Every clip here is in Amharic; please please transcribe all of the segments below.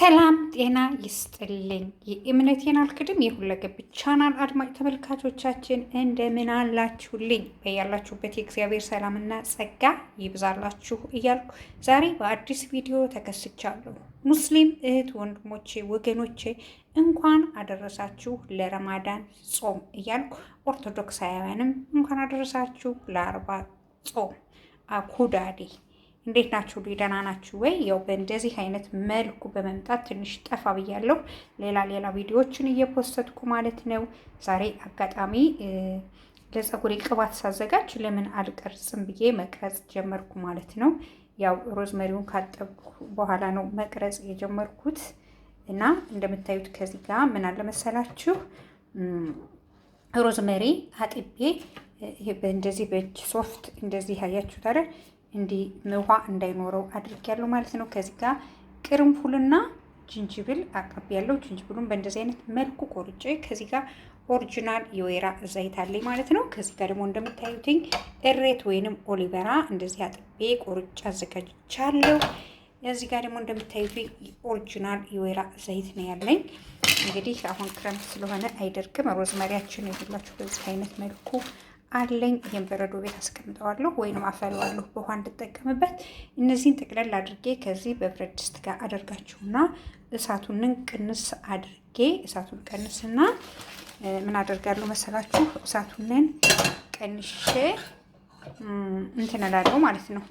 ሰላም ጤና ይስጥልኝ። የእምነቴን አልክድም የሁለገብ ቻናል አድማጭ ተመልካቾቻችን እንደምን አላችሁልኝ? በያላችሁበት የእግዚአብሔር ሰላምና ጸጋ ይብዛላችሁ እያልኩ ዛሬ በአዲስ ቪዲዮ ተከስቻለሁ። ሙስሊም እህት ወንድሞቼ፣ ወገኖቼ እንኳን አደረሳችሁ ለረማዳን ጾም እያልኩ ኦርቶዶክሳውያንም እንኳን አደረሳችሁ ለአርባ ጾም አኩዳዴ እንዴት ናችሁ? ደህና ናችሁ ወይ? ያው በእንደዚህ አይነት መልኩ በመምጣት ትንሽ ጠፋ ብያለሁ። ሌላ ሌላ ቪዲዮዎችን እየፖስተትኩ ማለት ነው። ዛሬ አጋጣሚ ለፀጉሬ ቅባት ሳዘጋጅ ለምን አልቀርጽም ብዬ መቅረጽ ጀመርኩ ማለት ነው። ያው ሮዝመሪውን ካጠብኩ በኋላ ነው መቅረጽ የጀመርኩት እና እንደምታዩት ከዚህ ጋር ምን አለመሰላችሁ ሮዝመሪ አጥቤ ይሄ በእንደዚህ በእጅ ሶፍት እንደዚህ ያያችሁት እንዲህ ውሃ እንዳይኖረው አድርጊያለሁ ማለት ነው። ከዚህ ጋር ቅርንፉልና ጅንጅብል ያለው ጅንጅብሉን በእንደዚህ አይነት መልኩ ቆርጬ ከዚህ ጋር ኦሪጂናል የወይራ ዘይት አለኝ ማለት ነው። ከዚህ ጋር ደግሞ እንደምታዩትኝ እሬት ወይንም ኦሊቨራ እንደዚህ አጥቤ ቆርጬ አዘጋጅቻለሁ። እዚህ ጋር ደግሞ እንደምታዩትኝ ኦሪጂናል የወይራ ዘይት ነው ያለኝ። እንግዲህ አሁን ክረምት ስለሆነ አይደርግም ሮዝመሪያችን የሁላችሁ በዚህ አይነት መልኩ አለኝ። ይህን በረዶ ቤት አስቀምጠዋለሁ ወይንም አፈለዋለሁ በውሃ እንድጠቀምበት። እነዚህን ጠቅለል አድርጌ ከዚህ በብረት ድስት ጋር አደርጋችሁና እሳቱንን ቅንስ አድርጌ እሳቱን ቀንስና ምን አደርጋለሁ መሰላችሁ? እሳቱንን ቀንሼ እንትን እላለሁ ማለት ነው።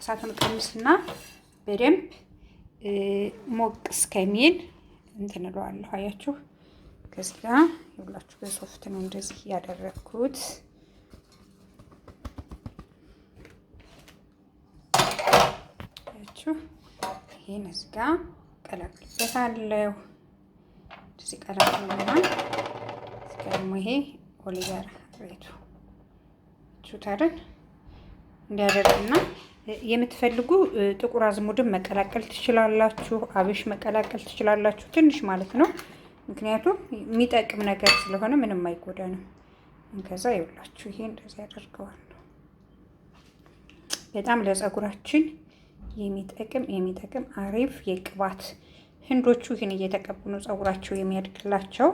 እሳቱን ቀንስና በደንብ ሞቅ እስከሚል እንትን እለዋለሁ። አያችሁ ከዚህ ጋር ሁላችሁ በሶፍት ነው እንደዚህ ያደረግኩት። አድርጋችሁ ይሄን እዚህ ጋር ቀላቅልበታለሁ። እዚህ ቀላቅልና እዚህ ጋር ደግሞ ይሄ ኦሊቨር ቤቱ ቹታርን እንዲያደርግና የምትፈልጉ ጥቁር አዝሙድን መቀላቀል ትችላላችሁ። አብሽ መቀላቀል ትችላላችሁ፣ ትንሽ ማለት ነው። ምክንያቱም የሚጠቅም ነገር ስለሆነ ምንም አይጎዳንም። ከዛ ይውላችሁ ይሄ እንደዚህ ያደርገዋል። በጣም ለጸጉራችን የሚጠቅም የሚጠቅም አሪፍ የቅባት ህንዶቹ ይህን እየተቀቡ ነው ጸጉራቸው የሚያድግላቸው።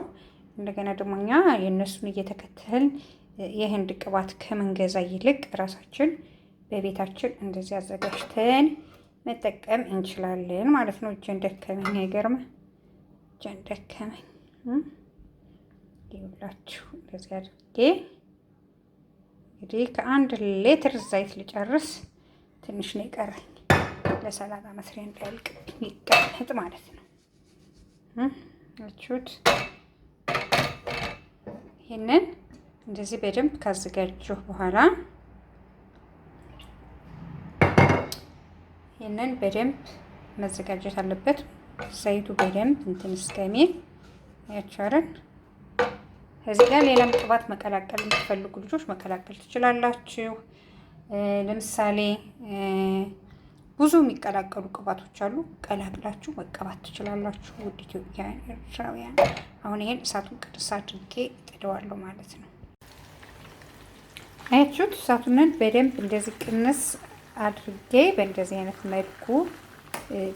እንደገና ደግሞ እኛ የእነሱን እየተከተልን የህንድ ቅባት ከምንገዛ ይልቅ ራሳችን በቤታችን እንደዚህ አዘጋጅተን መጠቀም እንችላለን ማለት ነው። እጄን ደከመኝ፣ አይገርም? እጄን ደከመኝ። ይኸውላችሁ እንደዚህ አድርጌ እንግዲህ ከአንድ ሌትር ዘይት ልጨርስ ትንሽ ነው የቀረኝ። ለሰላጣ መስሪያ እንዳያልቅ ይቀመጥ ማለት ነው። እችሁት ይህንን እንደዚህ በደንብ ካዘጋጀሁ በኋላ ይህንን በደንብ መዘጋጀት አለበት። ዘይቱ በደንብ እንትን እስከሚል ያቻረን እዚህ ጋር ሌላም ቅባት መቀላቀል የምትፈልጉ ልጆች መቀላቀል ትችላላችሁ። ለምሳሌ ብዙ የሚቀላቀሉ ቅባቶች አሉ። ቀላቅላችሁ መቀባት ትችላላችሁ። ውድ ኢትዮጵያውያን፣ ኤርትራውያን አሁን ይሄን እሳቱን ቅንስ አድርጌ ጥደዋለሁ ማለት ነው። አያችሁት? እሳቱንን በደንብ እንደዚህ ቅንስ አድርጌ በእንደዚህ አይነት መልኩ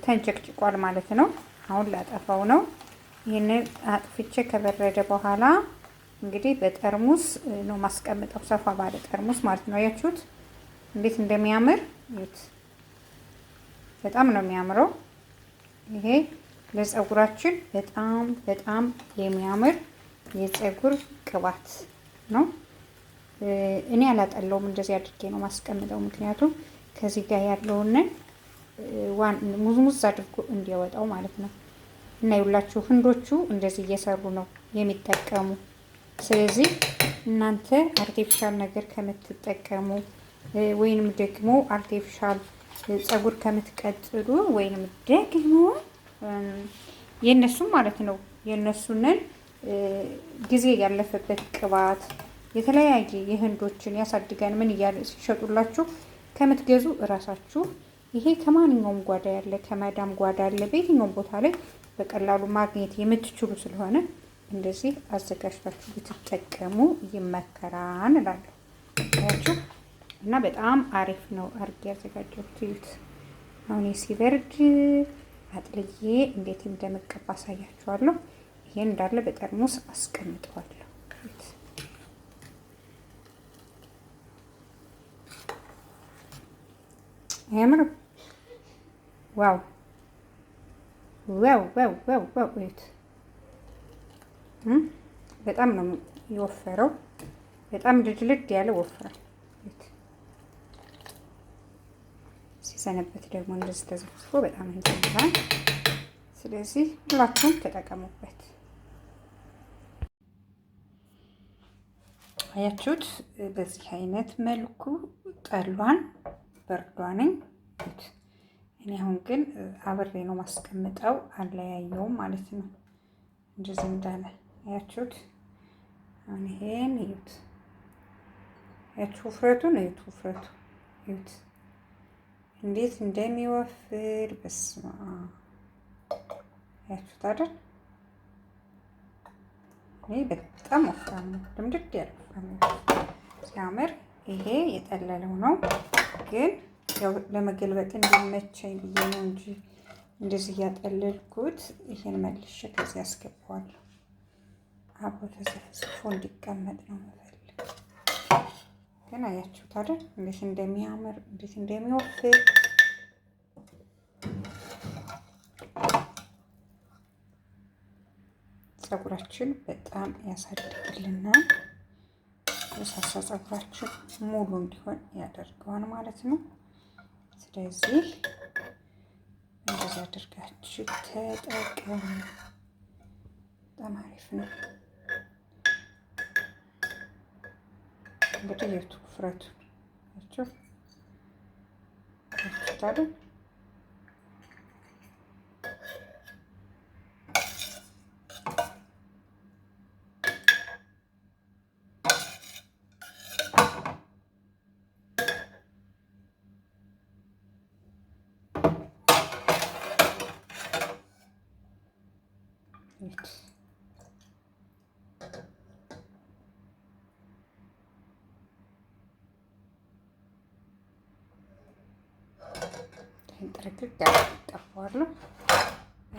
ተንጨቅጭቋል ማለት ነው። አሁን ላጠፋው ነው። ይህንን አጥፍቼ ከበረደ በኋላ እንግዲህ በጠርሙስ ነው ማስቀምጠው፣ ሰፋ ባለ ጠርሙስ ማለት ነው። አያችሁት እንዴት እንደሚያምር በጣም ነው የሚያምረው። ይሄ ለፀጉራችን በጣም በጣም የሚያምር የፀጉር ቅባት ነው። እኔ አላጠለውም፣ እንደዚህ አድርጌ ነው ማስቀምጠው። ምክንያቱም ከዚህ ጋር ያለውን ሙዝሙዝ አድርጎ እንዲያወጣው ማለት ነው። እና ይውላችሁ ህንዶቹ እንደዚህ እየሰሩ ነው የሚጠቀሙ። ስለዚህ እናንተ አርቴፊሻል ነገር ከምትጠቀሙ ወይንም ደግሞ አርቴፊሻል ፀጉር ከምትቀጥሉ ወይንም ደግሞ የእነሱን ማለት ነው የእነሱንን ጊዜ ያለፈበት ቅባት የተለያየ የህንዶችን ያሳድገን ምን እያለ ሲሸጡላችሁ ከምትገዙ እራሳችሁ ይሄ ከማንኛውም ጓዳ ያለ ከመዳም ጓዳ ያለ በየትኛውም ቦታ ላይ በቀላሉ ማግኘት የምትችሉ ስለሆነ እንደዚህ አዘጋጅታችሁ ብትጠቀሙ ይመከራል እላለሁ። እና በጣም አሪፍ ነው አድርጌ ያዘጋጀሁት። እዩት። አሁን ሲበርድ አጥልዬ እንዴት እንደምቀባ አሳያችኋለሁ። ይሄን እንዳለ በጠርሙስ አስቀምጠዋለሁ። ያምር ዋው ዋው ዋው ዋው ዋው! እዩት። በጣም ነው የወፈረው። በጣም ልድልድ ያለ ወፍራል። ሲሰነበት ደግሞ እንደዚህ ተዘፍዝፎ በጣም እንጨምራል። ስለዚህ ሁላችሁም ተጠቀሙበት። አያችሁት? በዚህ አይነት መልኩ ጠሏን በርዷንኝ እኔ አሁን ግን አብሬ ነው ማስቀምጠው፣ አለያየውም ማለት ነው። እንደዚህ እንዳለ አያችሁት? አሁን ይሄን እዩት፣ ያችሁ ውፍረቱን እዩት፣ ውፍረቱ እዩት። እንዴት እንደሚወፍር በስማ ያችሁት አይደል? ይህ በጣም ወፍራም ነው። ድምድድ ያለ ሲያምር፣ ይሄ የጠለለው ነው። ግን ያው ለመገልበጥ እንዲመቸኝ ብዬ ነው እንጂ እንደዚህ እያጠለልኩት ይሄን መልሼ ከዚህ ያስገባዋለሁ። አቦ ተዘፍዝፎ እንዲቀመጥ ነው። ግን አያችሁት አይደል? እንዴት እንደሚያምር እንዴት እንደሚወፍ ጸጉራችን በጣም ያሳድግልናል። የሳሳ ፀጉራችን ሙሉ እንዲሆን ያደርገዋል ማለት ነው። ስለዚህ እንደዚህ አድርጋችሁ ተጠቀሙ። በጣም አሪፍ ነው። Bateria, estou com frete. Deixa eu. Vou cortar. ሜትር ዳር ጠፋዋለሁ።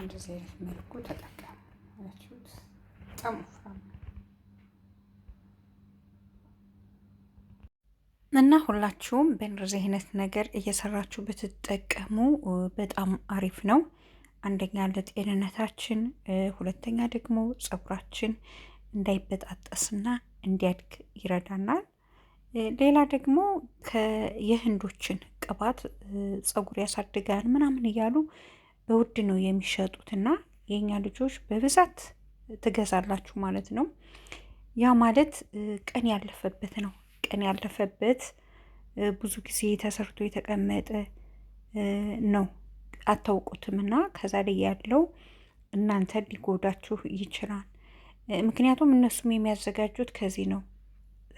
እንደዚህ አይነት መልኩ ተጠቀሙ። አላችሁት በጣም ወፍራም እና ሁላችሁም በእንደዚህ አይነት ነገር እየሰራችሁ ብትጠቀሙ በጣም አሪፍ ነው። አንደኛ ለጤንነታችን፣ ሁለተኛ ደግሞ ፀጉራችን እንዳይበጣጠስና እንዲያድግ ይረዳናል። ሌላ ደግሞ የህንዶችን ቅባት ፀጉር ያሳድጋል ምናምን እያሉ በውድ ነው የሚሸጡት እና የእኛ ልጆች በብዛት ትገዛላችሁ ማለት ነው። ያ ማለት ቀን ያለፈበት ነው። ቀን ያለፈበት ብዙ ጊዜ ተሰርቶ የተቀመጠ ነው፣ አታውቁትም። እና ከዛ ላይ ያለው እናንተ ሊጎዳችሁ ይችላል። ምክንያቱም እነሱም የሚያዘጋጁት ከዚህ ነው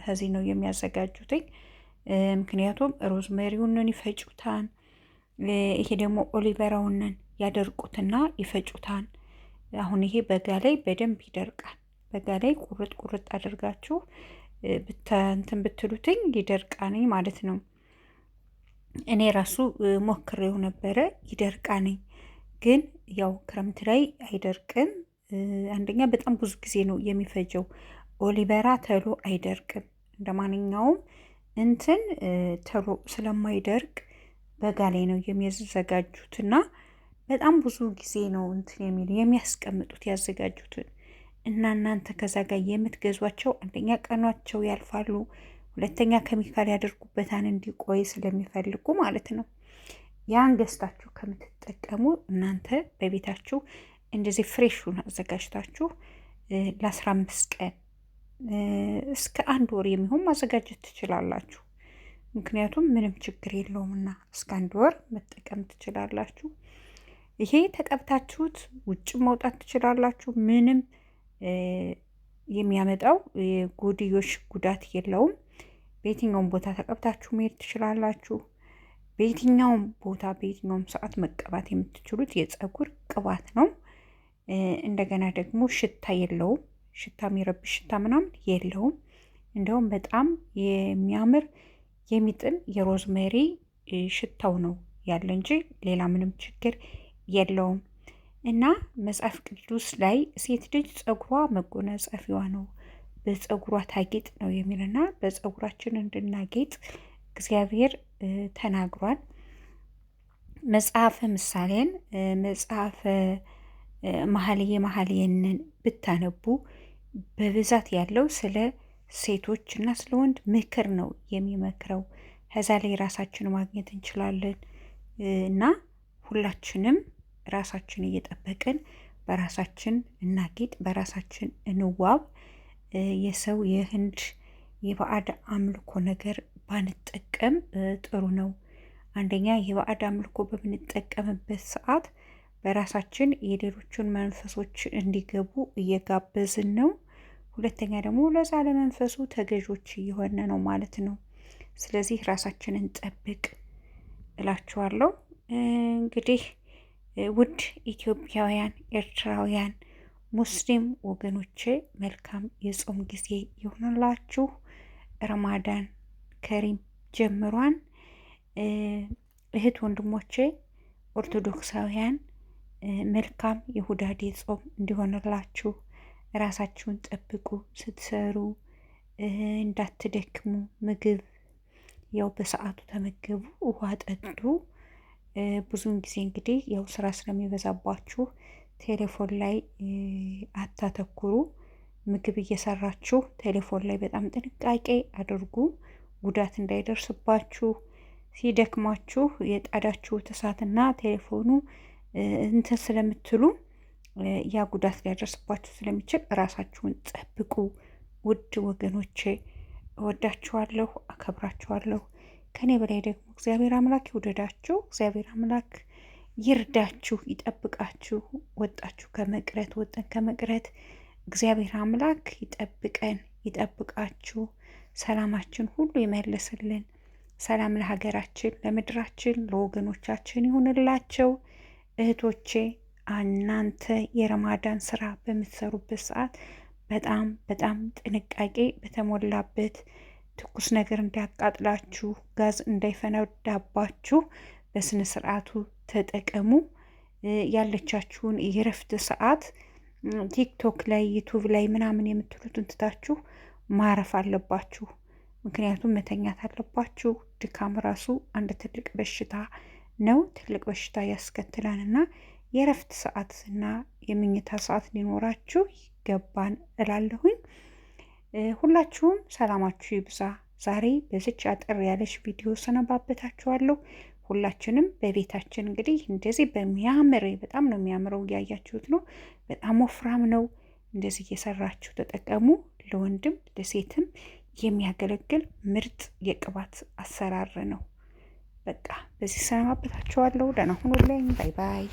ከዚህ ነው የሚያዘጋጁትኝ ምክንያቱም ሮዝሜሪውንን ይፈጩታን፣ ይሄ ደግሞ ኦሊቨራውንን ያደርቁትና ይፈጩታን። አሁን ይሄ በጋ ላይ በደንብ ይደርቃል። በጋ ላይ ቁርጥ ቁርጥ አድርጋችሁ እንትን ብትሉትኝ ይደርቃነኝ ማለት ነው። እኔ ራሱ ሞክሬው ነበረ ይደርቃነኝ፣ ግን ያው ክረምት ላይ አይደርቅም። አንደኛ በጣም ብዙ ጊዜ ነው የሚፈጀው። ኦሊቨራ ተሎ አይደርቅም እንደ ማንኛውም እንትን ተሎ ስለማይደርግ በጋ ላይ ነው የሚያዘጋጁት እና በጣም ብዙ ጊዜ ነው እንትን የሚሉ የሚያስቀምጡት ያዘጋጁትን እና እናንተ ከዛ ጋር የምትገዟቸው አንደኛ ቀኗቸው ያልፋሉ፣ ሁለተኛ ኬሚካል ያደርጉበታን እንዲቆይ ስለሚፈልጉ ማለት ነው። ያን ገዝታችሁ ከምትጠቀሙ እናንተ በቤታችሁ እንደዚህ ፍሬሹን አዘጋጅታችሁ ለአስራ አምስት ቀን እስከ አንድ ወር የሚሆን ማዘጋጀት ትችላላችሁ። ምክንያቱም ምንም ችግር የለውምና እስከ አንድ ወር መጠቀም ትችላላችሁ። ይሄ ተቀብታችሁት ውጭ መውጣት ትችላላችሁ። ምንም የሚያመጣው የጎድዮሽ ጉዳት የለውም። በየትኛውም ቦታ ተቀብታችሁ መሄድ ትችላላችሁ። በየትኛውም ቦታ በየትኛውም ሰዓት መቀባት የምትችሉት የፀጉር ቅባት ነው። እንደገና ደግሞ ሽታ የለውም። ሽታ የሚረብሽ ሽታ ምናምን የለውም። እንደውም በጣም የሚያምር የሚጥም የሮዝሜሪ ሽታው ነው ያለ እንጂ ሌላ ምንም ችግር የለውም። እና መጽሐፍ ቅዱስ ላይ ሴት ልጅ ጸጉሯ መጎናጸፊዋ ነው፣ በጸጉሯ ታጌጥ ነው የሚልና በጸጉራችን እንድናጌጥ እግዚአብሔር ተናግሯል። መጽሐፈ ምሳሌን መጽሐፈ መኃልየ መኃልየንን ብታነቡ በብዛት ያለው ስለ ሴቶች እና ስለ ወንድ ምክር ነው የሚመክረው። ከዛ ላይ ራሳችን ማግኘት እንችላለን እና ሁላችንም ራሳችን እየጠበቅን በራሳችን እናጌጥ፣ በራሳችን እንዋብ። የሰው የህንድ የባዕድ አምልኮ ነገር ባንጠቀም ጥሩ ነው። አንደኛ የባዕድ አምልኮ በምንጠቀምበት ሰዓት በራሳችን የሌሎቹን መንፈሶች እንዲገቡ እየጋበዝን ነው። ሁለተኛ ደግሞ ለዛ ለመንፈሱ ተገዦች እየሆነ ነው ማለት ነው። ስለዚህ ራሳችንን ጠብቅ እላችኋለሁ። እንግዲህ ውድ ኢትዮጵያውያን፣ ኤርትራውያን፣ ሙስሊም ወገኖቼ መልካም የጾም ጊዜ ይሆንላችሁ። ረማዳን ከሪም ጀምሯን። እህት ወንድሞቼ ኦርቶዶክሳውያን መልካም የሁዳዴ ጾም እንዲሆንላችሁ ራሳችሁን ጠብቁ። ስትሰሩ እንዳትደክሙ። ምግብ ያው በሰዓቱ ተመገቡ፣ ውሃ ጠጡ። ብዙውን ጊዜ እንግዲህ ያው ስራ ስለሚበዛባችሁ ቴሌፎን ላይ አታተኩሩ። ምግብ እየሰራችሁ ቴሌፎን ላይ በጣም ጥንቃቄ አድርጉ፣ ጉዳት እንዳይደርስባችሁ። ሲደክማችሁ የጣዳችሁት እሳትና ቴሌፎኑ እንትን ስለምትሉ ያ ጉዳት ሊያደርስባችሁ ስለሚችል ራሳችሁን ጠብቁ። ውድ ወገኖቼ እወዳችኋለሁ፣ አከብራችኋለሁ። ከኔ በላይ ደግሞ እግዚአብሔር አምላክ ይውደዳችሁ፣ እግዚአብሔር አምላክ ይርዳችሁ፣ ይጠብቃችሁ። ወጣችሁ ከመቅረት ወጠን ከመቅረት እግዚአብሔር አምላክ ይጠብቀን፣ ይጠብቃችሁ። ሰላማችን ሁሉ ይመልስልን። ሰላም ለሀገራችን፣ ለምድራችን፣ ለወገኖቻችን ይሁንላቸው። እህቶቼ እናንተ የረማዳን ስራ በምትሰሩበት ሰዓት በጣም በጣም ጥንቃቄ በተሞላበት ትኩስ ነገር እንዳያቃጥላችሁ፣ ጋዝ እንዳይፈነዳባችሁ በስነ ስርዓቱ ተጠቀሙ። ያለቻችሁን የረፍት ሰዓት ቲክቶክ ላይ ዩቱብ ላይ ምናምን የምትሉትን ትታችሁ ማረፍ አለባችሁ። ምክንያቱም መተኛት አለባችሁ። ድካም ራሱ አንድ ትልቅ በሽታ ነው ትልቅ በሽታ ያስከትላልና የእረፍት ሰዓት እና የምኝታ ሰዓት ሊኖራችሁ ይገባን እላለሁኝ። ሁላችሁም ሰላማችሁ ይብዛ። ዛሬ በዚች አጠር ያለች ቪዲዮ ሰነባበታችኋለሁ። ሁላችንም በቤታችን እንግዲህ እንደዚህ በሚያምር በጣም ነው የሚያምረው፣ እያያችሁት ነው። በጣም ወፍራም ነው። እንደዚህ እየሰራችሁ ተጠቀሙ። ለወንድም ለሴትም የሚያገለግል ምርጥ የቅባት አሰራር ነው። በቃ በዚህ ሰነባበታችኋለሁ። ደህና ሁኑልኝ። ባይ ባይ።